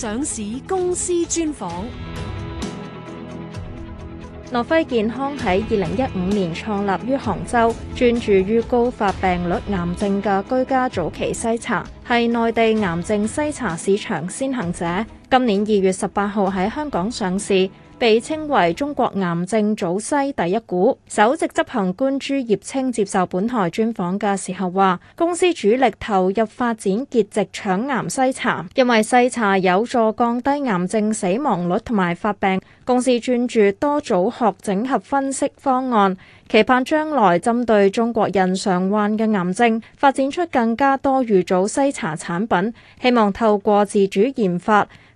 上市公司專訪。諾輝健康喺二零一五年創立於杭州，專注於高發病率癌症嘅居家早期篩查，係內地癌症篩查市場先行者。今年二月十八號喺香港上市。被稱為中國癌症早篩第一股，首席執行官朱葉青接受本台專訪嘅時候話，公司主力投入發展結直腸癌篩查，因為篩查有助降低癌症死亡率同埋發病。公司專注多組學整合分析方案，期盼將來針對中國人常患嘅癌症，發展出更加多預早篩查產品，希望透過自主研發。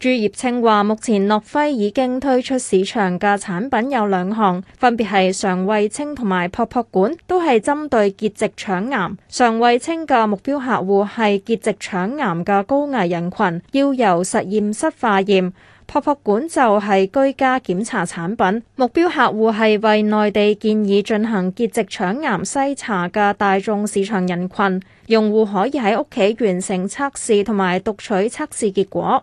朱葉青話，目前諾輝已經推出市場嘅產品有兩項，分別係常衛清同埋噗噗管，都係針對結直腸癌。常衛清嘅目標客戶係結直腸癌嘅高危人群，要由實驗室化驗，噗噗管就係居家檢查產品，目標客戶係為內地建議進行結直腸癌篩查嘅大眾市場人群，用戶可以喺屋企完成測試同埋讀取測試結果。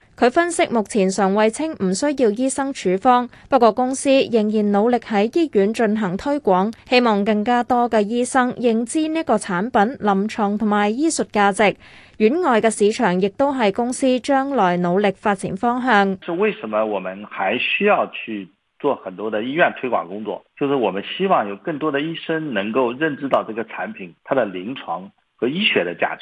佢分析目前常衛清唔需要醫生處方，不過公司仍然努力喺醫院進行推廣，希望更加多嘅醫生認知呢個產品臨床同埋醫術價值。院外嘅市場亦都係公司將來努力發展方向。是為什麼我們還需要去做很多的醫院推廣工作？就是我們希望有更多的醫生能夠認知到這個產品，它的臨床和醫學的價值。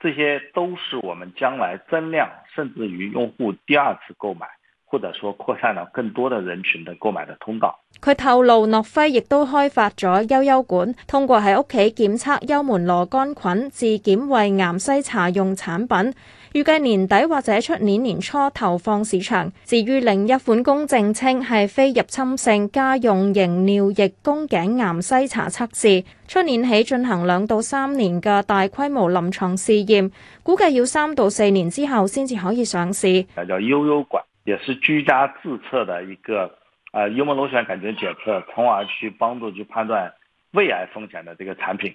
這些都是我們將來增量，甚至於用戶第二次購買，或者說擴散到更多的人群的購買的通道。佢透露，諾輝亦都開發咗幽幽管，通過喺屋企檢測幽門螺桿菌自檢胃癌篩查用產品。預計年底或者出年年初投放市場。至於另一款公證稱係非入侵性家用型尿液宮頸癌篩查測試，出年起進行兩到三年嘅大規模臨床試驗，估計要三到四年之後先至可以上市。叫幽幽管，也是居家自測嘅一個啊、呃、幽門螺旋杆菌檢測，從而去幫助去判斷胃癌風險嘅這個產品。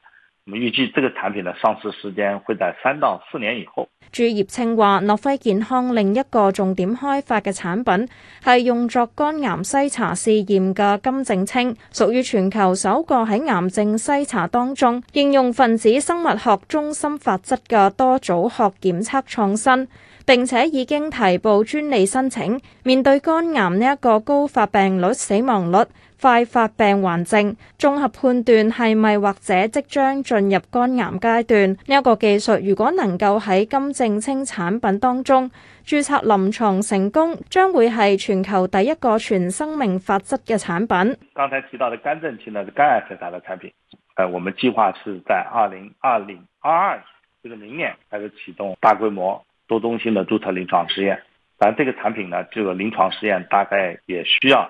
我預計這個產品的上市時間會在三到四年以後。朱葉青話，諾輝健康另一個重點開發嘅產品係用作肝癌篩查試驗嘅金正清，屬於全球首個喺癌症篩查當中應用分子生物學中心法則嘅多組學檢測創新，並且已經提報專利申請。面對肝癌呢一個高發病率、死亡率。快發病患境綜合判斷係咪或者即將進入肝癌階段呢一、這個技術，如果能夠喺金正清產品當中註冊臨床成功，將會係全球第一個全生命法質嘅產品。剛才提到嘅肝正清呢，是肝癌篩查嘅產品，誒，我們計劃是在二零二零二二年，就是明年開始、就是、啟動大規模多中心嘅註冊臨床試驗。但這呢個產品呢，這個臨床試驗大概也需要。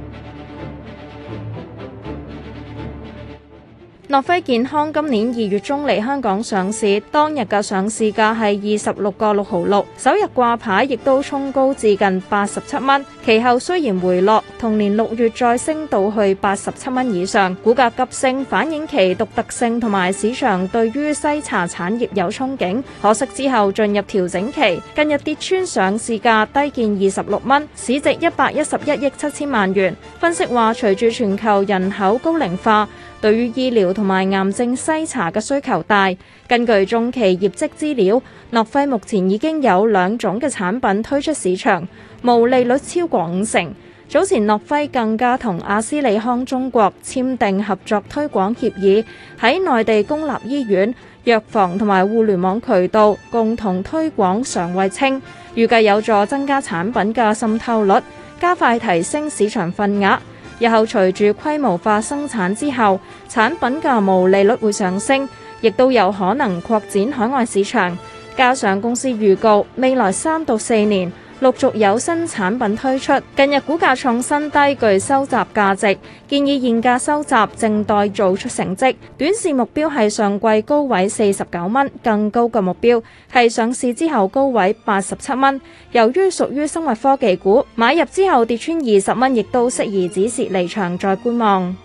諾輝健康今年二月中嚟香港上市，當日嘅上市價係二十六個六毫六，首日掛牌亦都沖高至近八十七蚊，其後雖然回落，同年六月再升到去八十七蚊以上，股價急升，反映其獨特性同埋市場對於篩查產業有憧憬。可惜之後進入調整期，近日跌穿上市價，低見二十六蚊，市值一百一十一億七千萬元。分析話，隨住全球人口高齡化，對於醫療同埋癌症篩查嘅需求大，根據中期業績資料，諾輝目前已經有兩種嘅產品推出市場，毛利率超過五成。早前諾輝更加同阿斯利康中國簽訂合作推廣協議，喺內地公立醫院、藥房同埋互聯網渠道共同推廣常衛清，預計有助增加產品嘅滲透率，加快提升市場份額。日後隨住規模化生產之後，產品嘅毛利率會上升，亦都有可能擴展海外市場，加上公司預告未來三到四年。陸續有新產品推出，近日股價創新低，具收集價值，建議現價收集，正待做出成績。短線目標係上季高位四十九蚊，更高嘅目標係上市之後高位八十七蚊。由於屬於生物科技股，買入之後跌穿二十蚊，亦都適宜指示離場再觀望。